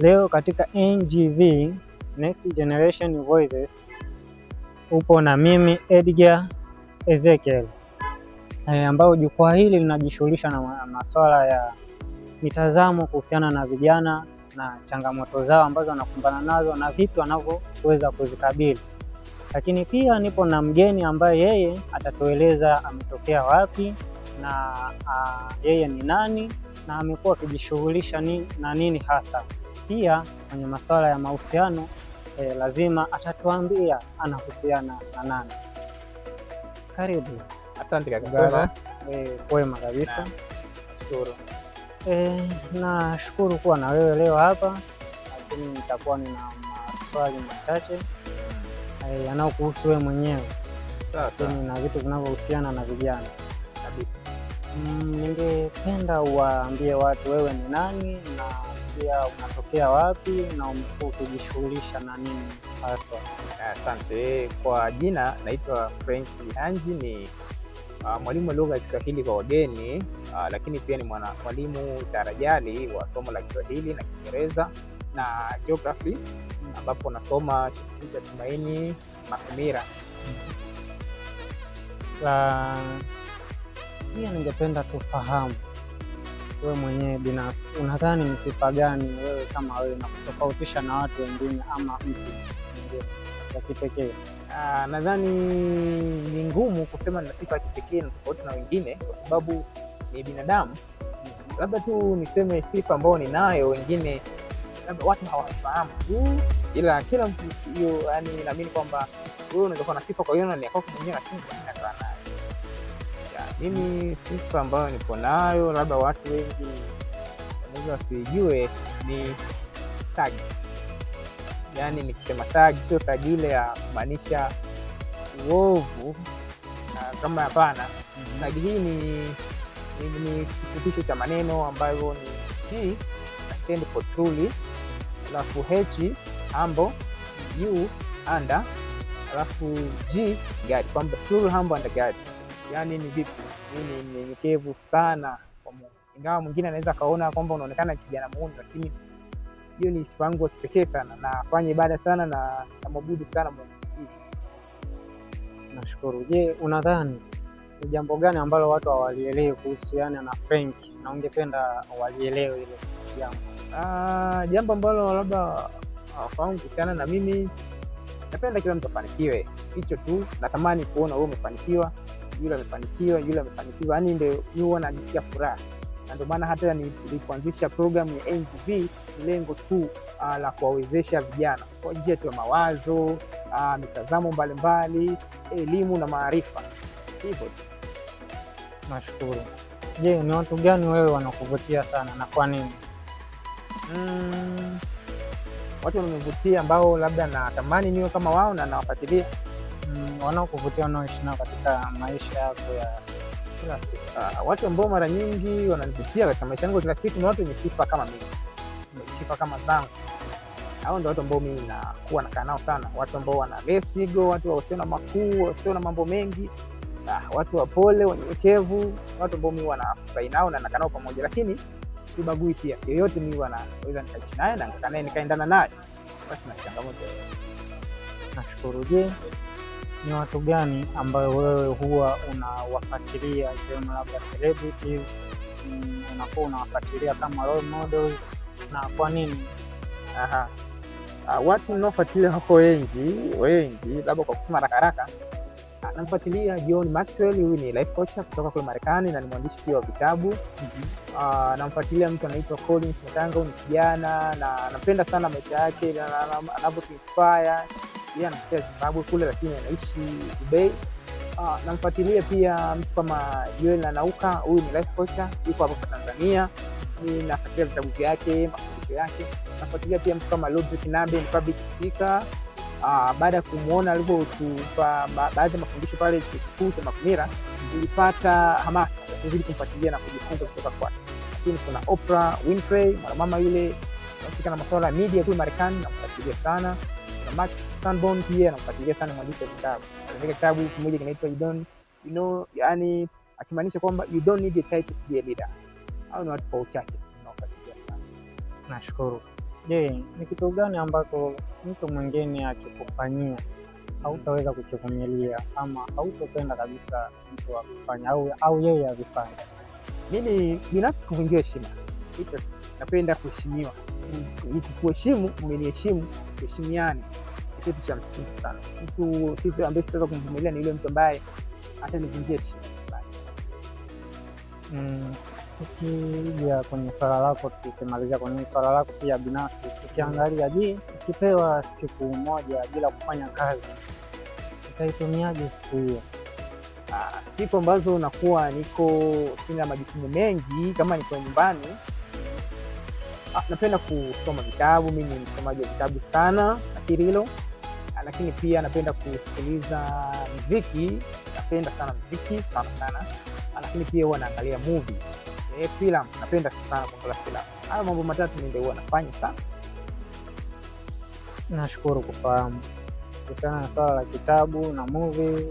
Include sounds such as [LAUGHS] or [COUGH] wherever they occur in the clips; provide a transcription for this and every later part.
Leo katika NGV Next Generation Voices upo na mimi Edgar Ezekiel e, eh, ambayo jukwaa hili linajishughulisha na masuala ya mitazamo kuhusiana na vijana na changamoto zao ambazo wanakumbana nazo na vitu wanavyoweza kuzikabili, lakini pia nipo na mgeni ambaye yeye atatueleza ametokea wapi na a, ah, yeye ni nani na amekuwa akijishughulisha ni, na nini hasa pia kwenye masuala ya mahusiano e, lazima atatuambia anahusiana na nani. Karibu. Asante kaka. E, kwema kabisa. Shukuru e, nashukuru kuwa na wewe leo hapa, lakini nitakuwa nina maswali machache e, yanayokuhusu wewe mwenyewe lakini na vitu vinavyohusiana na vijana kabisa. Mm, ningependa uwaambie watu wewe ni nani na pia unatokea wapi na umekuwa ukijishughulisha na nini haswa? Asante. Kwa jina naitwa Frank Anji, ni uh, mwalimu wa lugha ya Kiswahili kwa wageni uh, lakini pia ni mwana mwalimu tarajali wa somo la Kiswahili na Kiingereza na geography ambapo nasoma chuo kikuu cha Tumaini Makumira. Ah, pia ningependa tufahamu wewe mwenyewe binafsi unadhani ni sifa gani wewe kama wewe na kutofautisha na watu wengine ama mtu mwingine ya kipekee? Ah, nadhani ni ngumu kusema nina sifa ya kipekee na tofauti na wengine, kwa sababu ni binadamu. Labda tu niseme sifa ambayo ninayo, wengine labda watu hawafahamu tu, ila kila mtu hiyo, yani naamini kwamba wewe unaweza kuwa na sifa kwa hiyo ni yako mwenyewe, lakini mimi sifa ambayo niko nayo, labda watu wengi wanaweza wasijue, ni tagi Yaani nikisema tagi sio tagi ile ya kumaanisha uovu kama, hapana. tagi hii ni ni kifupisho cha maneno ambayo ni T stand for truly, alafu H ambo U anda alafu G gari kwamba truly humble and yani ni vipi, ni mnyenyekevu sana kwa Mungu, ingawa mwingine anaweza kaona kwamba unaonekana kijana muuni, lakini hiyo ni sifa yangu ya kipekee sana, nafanya ibada sana na namwabudu sana Mungu. Nashukuru. Je, unadhani ni jambo gani ambalo watu hawalielewi kuhusiana yaani na Frank na ungependa walielewe hilo jambo? Ah, jambo ambalo labda hawafahamu kuhusiana na mimi, napenda kila mtu afanikiwe, hicho tu. Natamani kuona wewe umefanikiwa, yule amefanikiwa, yule amefanikiwa, yani ndio huwa najisikia furaha, na ndio maana hata nilipoanzisha programu ya NGV lengo tu uh, la kuwawezesha vijana kwa njia tu ya mawazo uh, mitazamo mbalimbali, elimu na maarifa, hivyo tu. Nashukuru. Je, ni watu gani wewe wanakuvutia sana na kwa nini? Mm, watu wanamevutia ambao labda natamani niwe kama wao na nawafatilia wanaokuvutia wanaoishi nao katika maisha yako ya kila siku. Ah, watu ambao mara nyingi wananipitia katika maisha yangu kila siku ni watu wenye sifa kama mimi, sifa kama zangu. Hao ndio watu ambao mimi nakuwa nakaa nao sana, watu ambao wana lesigo, watu wasio na makuu, wasio na mambo mengi, Ah, watu wapole, wanyenyekevu, watu ambao mi wanafurahi nao na nakaa nao pamoja, lakini sibagui pia yoyote, mi wanaweza nikaishi naye na nikakaa naye nikaendana naye, basi na changamoto. Nashukuru. Je, ni watu gani ambayo wewe huwa unawafatilia ikiwemo labda celebrities, mm, unakuwa unawafatilia kama role models na kwa nini? Aha. Uh, watu ninaofuatilia wako wengi wengi, labda kwa kusema rakaraka haraka ah, namfuatilia John Maxwell, huyu ni life coach kutoka kule Marekani na ni mwandishi pia wa vitabu mm-hmm. Uh, namfuatilia mtu anaitwa Collins Matanga, ni kijana na anapenda sana maisha yake na anavyotuinspire yeye anatokea Zimbabwe kule, lakini anaishi Dubai. Uh, namfuatilia pia mtu kama Joel Nanauka, huyu ni life coach, yuko hapa Tanzania. Mimi vitabu vyake, mafundisho yake. Nafuatilia pia mtu kama Rodrick Nabe, ni public speaker. Uh, baada ya kumwona alivyotupa baadhi ya mafundisho pale chuo kikuu cha Makumira, nilipata hamasa ya kuzidi kumfuatilia na kujifunza kutoka kwake. Lakini kuna Oprah Winfrey, mwanamama yule anahusika na masuala ya media kule Marekani, namfuatilia sana. Max Sanborn pia anamfuatilia sana mwandishi wa kitabu. Aliandika kitabu kimoja kinaitwa You Don't You Know, yani akimaanisha kwamba you don't need a title to be a leader. Au ni watu kwa uchache tunaofuatilia sana. Nashukuru. Je, ni kitu gani ambako mtu mwingine akikufanyia hautaweza kukivumilia ama hautopenda kabisa mtu akufanya au, au yeye avifanya? Mimi binafsi kufungiwa heshima, napenda kuheshimiwa nikikuheshimu umeniheshimu, heshimiani, kitu cha msingi sana. Mtu sisi ambaye sitaweza kumvumilia ni yule mtu ambaye nivunjie heshima. Basi tukija mm, kwenye swala lako, tukimalizia kwenye swala lako pia binafsi, tukiangalia mm, je, ukipewa siku moja bila kufanya kazi utaitumiaje siku hiyo? Ah, siku ambazo unakuwa niko sina majukumu mengi, kama niko nyumbani Ah, napenda kusoma vitabu, mimi ni msomaji wa vitabu sana, nafikiri hilo ah, lakini pia napenda kusikiliza mziki, napenda sana mziki sana sana, ah, lakini pia huwa naangalia mvi e, eh, filam napenda sana kuangalia filam Hayo mambo matatu mimi huwa nafanya sana. Nashukuru kufahamu kuhusiana na swala la kitabu na mvi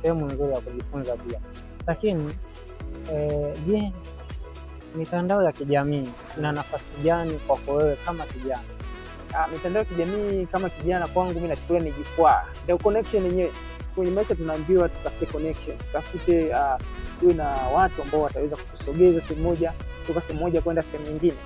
sehemu nzuri ya kujifunza pia. Lakini eh, je, eh, Mitandao ya kijamii ina nafasi gani kwako wewe kama kijana? Ah, mitandao ya kijamii kama kijana kwangu mimi nachukulia ni jukwaa ndio connection yenyewe. Kwenye maisha tunaambiwa tutafute connection, tutafute uh, tuwe na watu ambao wataweza kutusogeza sehemu moja kutoka sehemu moja kwenda sehemu nyingine.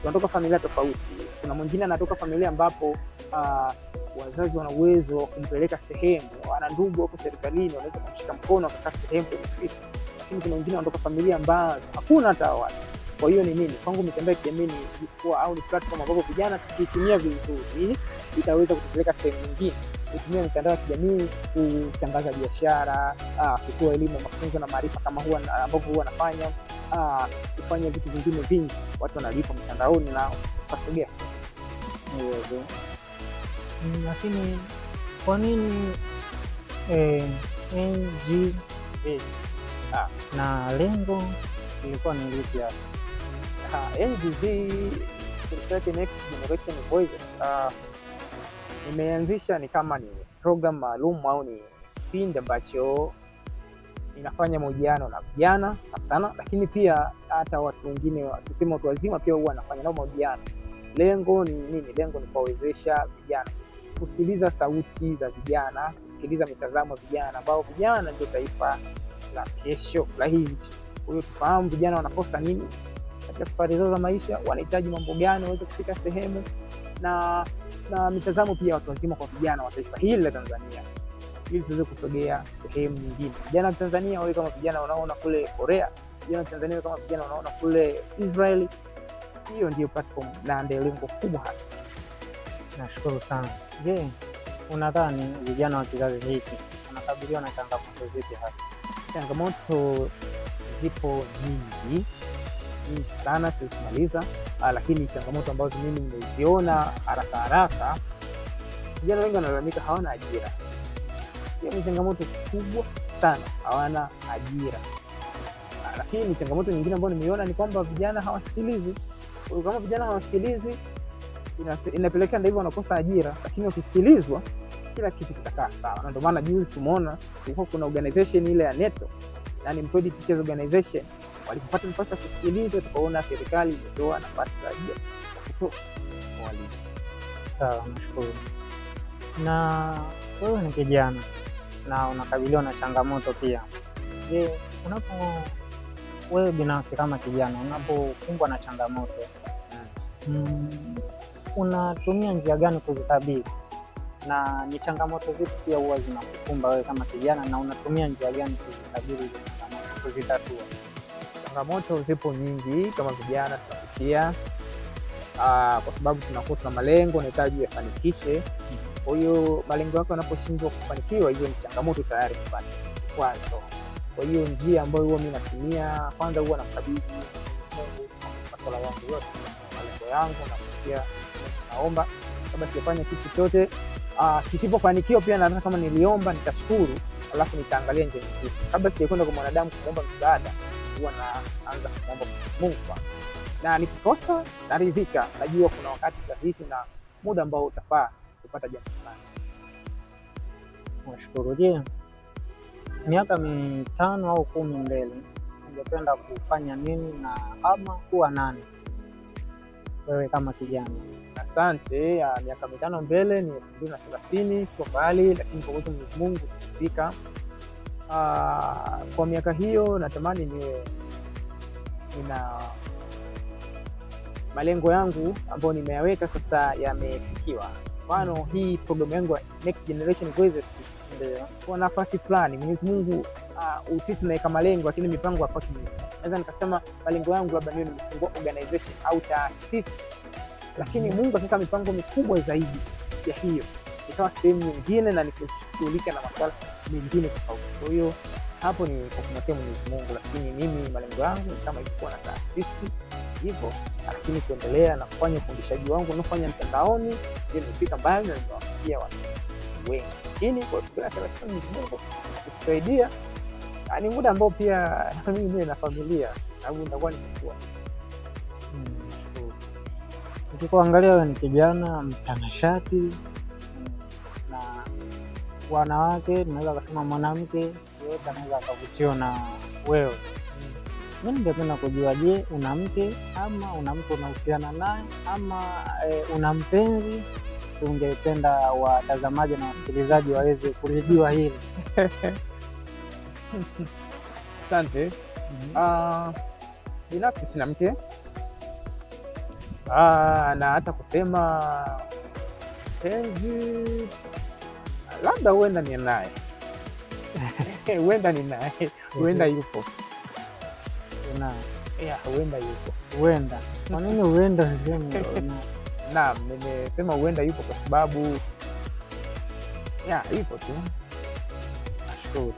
Tunatoka familia tofauti, kuna mwingine anatoka familia ambapo uh, wazazi wana uwezo wa kumpeleka sehemu, wana ndugu wako serikalini, wanaweza kumshika mkono akakaa sehemu kwenye ofisi, lakini kuna wengine wanatoka familia ambazo hakuna hata watu kwa hiyo ni nini kwangu, mitandao ya kijamii ni jukwaa au ni platform ambapo vijana tukitumia vizuri itaweza kutupeleka sehemu nyingine. Kutumia mitandao ya kijamii kutangaza biashara, ah, kutoa elimu, mafunzo na maarifa kama ambavyo huwa anafanya, ah, kufanya vitu vingine vingi. Watu wanalipa mitandaoni na ukasogea uwezo. Mm, lakini kwa nini eh, ah. na lengo ilikuwa ni lipi hapa? NGV Next Generation Voices ah, imeanzisha ni kama ni program maalum au ni kipindi ambacho inafanya mahojiano na vijana sana sana, lakini pia hata watu wengine wakisema watu wazima pia huwa anafanya nao mahojiano. Lengo ni nini? Lengo ni kuwawezesha vijana kusikiliza sauti za vijana, kusikiliza mitazamo ya vijana, ambao vijana ndio taifa la kesho la hii nchi. Kwa hiyo tufahamu vijana wanakosa nini katika safari zao za maisha, wanahitaji mambo gani waweze kufika sehemu, na na mitazamo pia watu wazima kwa vijana wa taifa hili la Tanzania, ili tuweze kusogea sehemu nyingine. Vijana wa Tanzania wawe kama vijana wanaona kule Korea, vijana wa Tanzania kama vijana wanaona kule Israeli. Hiyo ndiyo platform na ndio lengo kubwa hasa. Nashukuru sana. Je, unadhani vijana wa kizazi hiki wanakabiliwa na changamoto zipi hasa? Changamoto zipo nyingi nyingi sana, sizimaliza, kumaliza, ah, lakini changamoto ambazo mimi nimeziona haraka haraka, vijana wengi wanalalamika hawana ajira. Hiyo ni changamoto kubwa sana, hawana ajira. Ah, lakini changamoto nyingine ambayo nimeiona ni kwamba vijana hawasikilizi. Kama vijana hawasikilizi, inapelekea ndio hivyo wanakosa ajira, lakini wakisikilizwa kila kitu kitakaa sawa, na ndio maana juzi tumeona kulikuwa kuna organization ile ya NETO, yani Employed Teachers Organization Walipopata nafasi ya kusikilizwa, tukaona serikali imetoa nafasi za ajira ya kutosha kwa walimu. Sawa, nashukuru. Na wewe ni kijana na unakabiliwa na changamoto pia. Je, unapo wewe binafsi kama kijana unapokumbwa na changamoto mm, unatumia njia gani kuzikabili, na ni changamoto zipi pia huwa zinakukumba wewe kama kijana, na unatumia njia gani kuzikabili hizo changamoto, kuzitatua? changamoto zipo nyingi, kama vijana tunapitia uh, kwa sababu tunakuwa tuna malengo nahitaji yafanikishe. Kwa hiyo malengo yako yanaposhindwa kufanikiwa, hiyo ni changamoto tayari kwanza. Kwa hiyo njia ambayo huwa mimi natumia kwanza, huwa namkabidhi Mungu yangu yote, malengo yangu na kufikia, naomba kama sijafanya kitu chochote Uh, kisipofanikiwa pia naona kama niliomba, nitashukuru, alafu nitaangalia njia nyingine, kabla sijakwenda kwa mwanadamu kuomba msaada huwa naanza kumwomba Mungu na nikikosa naridhika, najua kuna wakati sahihi na muda ambao utafaa kupata jambo fulani. Nashukuru. Je, miaka mitano au kumi mbele ungependa kufanya nini na ama kuwa nani wewe kama kijana? Asante. ya Miaka mitano mbele ni elfu mbili na thelathini, sio mbali, lakini kwa uwezo Mwenyezi Mungu tutafika. Uh, kwa miaka hiyo natamani niwe nina malengo yangu ambayo nimeyaweka sasa yamefikiwa. Mfano mm. hii programu yangu ya Next Generation ndio kwa nafasi fulani. Mwenyezi Mungu uh, ah, usisi tunaweka malengo lakini mipango ya Naweza nikasema malengo yangu labda niwe nimefungua organization au taasisi, lakini mm. Mungu akaweka mipango mikubwa zaidi ya hiyo nikawa sehemu nyingine na nikishughulika na masuala mengine tofauti. Kwa hiyo hapo ni kwa kumwatia Mwenyezi Mungu, lakini mimi malengo yangu kama ilikuwa na taasisi hivyo, lakini kuendelea na kufanya ufundishaji wangu unaofanya mtandaoni ndio nifika mbali na niwafikia watu wengi, lakini kwa kila taasisi Mwenyezi Mungu kutusaidia ni muda ambao pia [LAUGHS] mimi niwe na familia sababu nitakuwa nikikua hmm, ukikuangalia, wewe ni kijana mtanashati wanawake, naweza kasema mwanamke yote anaweza akavutiwa na wewe. Mi ningependa kujua, je, una mke ama una mke unahusiana naye ama e, una mpenzi? Tungependa watazamaji na wasikilizaji waweze kulijua hili. [LAUGHS] Asante. Mhm. Ah, binafsi mm -hmm. Uh, sina mke uh, na hata kusema penzi labda huenda ni naye [LAUGHS] eh, huenda ni naye mhm. huenda yupo na yeah, huenda yupo huenda. Kwa nini huenda? [LAUGHS] Naam, nimesema huenda yupo kwa sababu ya yupo tu. Nashukuru.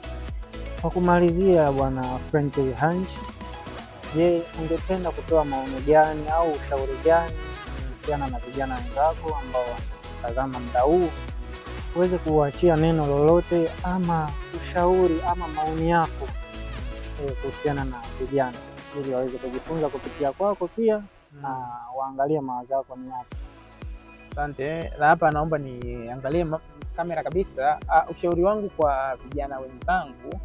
Kwa kumalizia, Bwana Frank Hanji, je, ungependa kutoa maoni gani au ushauri gani kuhusiana na vijana wenzako ambao wanatazama muda huu uweze kuachia neno lolote ama ushauri ama maoni yako e, kuhusiana na vijana ili waweze kujifunza kupitia kwako pia na waangalie mawazo yako ni yapi. Asante. Na hapa naomba niangalie kamera kabisa. Uh, ushauri wangu kwa vijana wenzangu,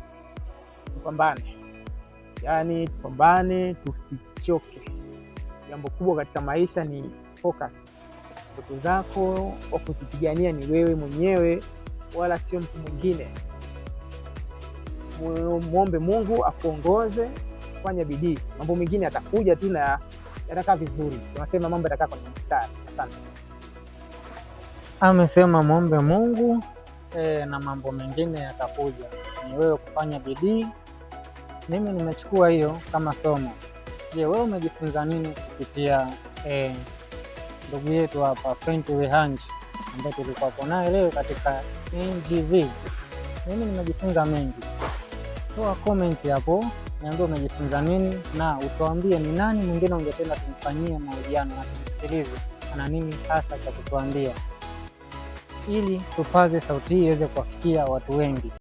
tupambane, yaani tupambane, tusichoke. Jambo kubwa katika maisha ni focus ndoto zako, wa kuzipigania ni wewe mwenyewe, wala sio mtu mwingine. Mwombe Mungu akuongoze, fanya bidii, mambo mengine yatakuja tu na yatakaa vizuri. Tunasema mambo yatakaa kwenye mstari. Asante. Amesema mwombe Mungu e, na mambo mengine yatakuja, ni wewe kufanya bidii. Mimi nimechukua hiyo kama somo. Je, wewe umejifunza nini kupitia e, ndugu yetu hapa Frank Wehanji ambaye tulikuwapo naye leo katika NGV. Mimi nimejifunza mengi. Toa comment hapo, niambie umejifunza nini na utuambie ni nani mwingine ungependa tumfanyie mahojiano na tumsikilize ana nini hasa cha kutuambia, ili tupaze sauti hii iweze kuwafikia watu wengi.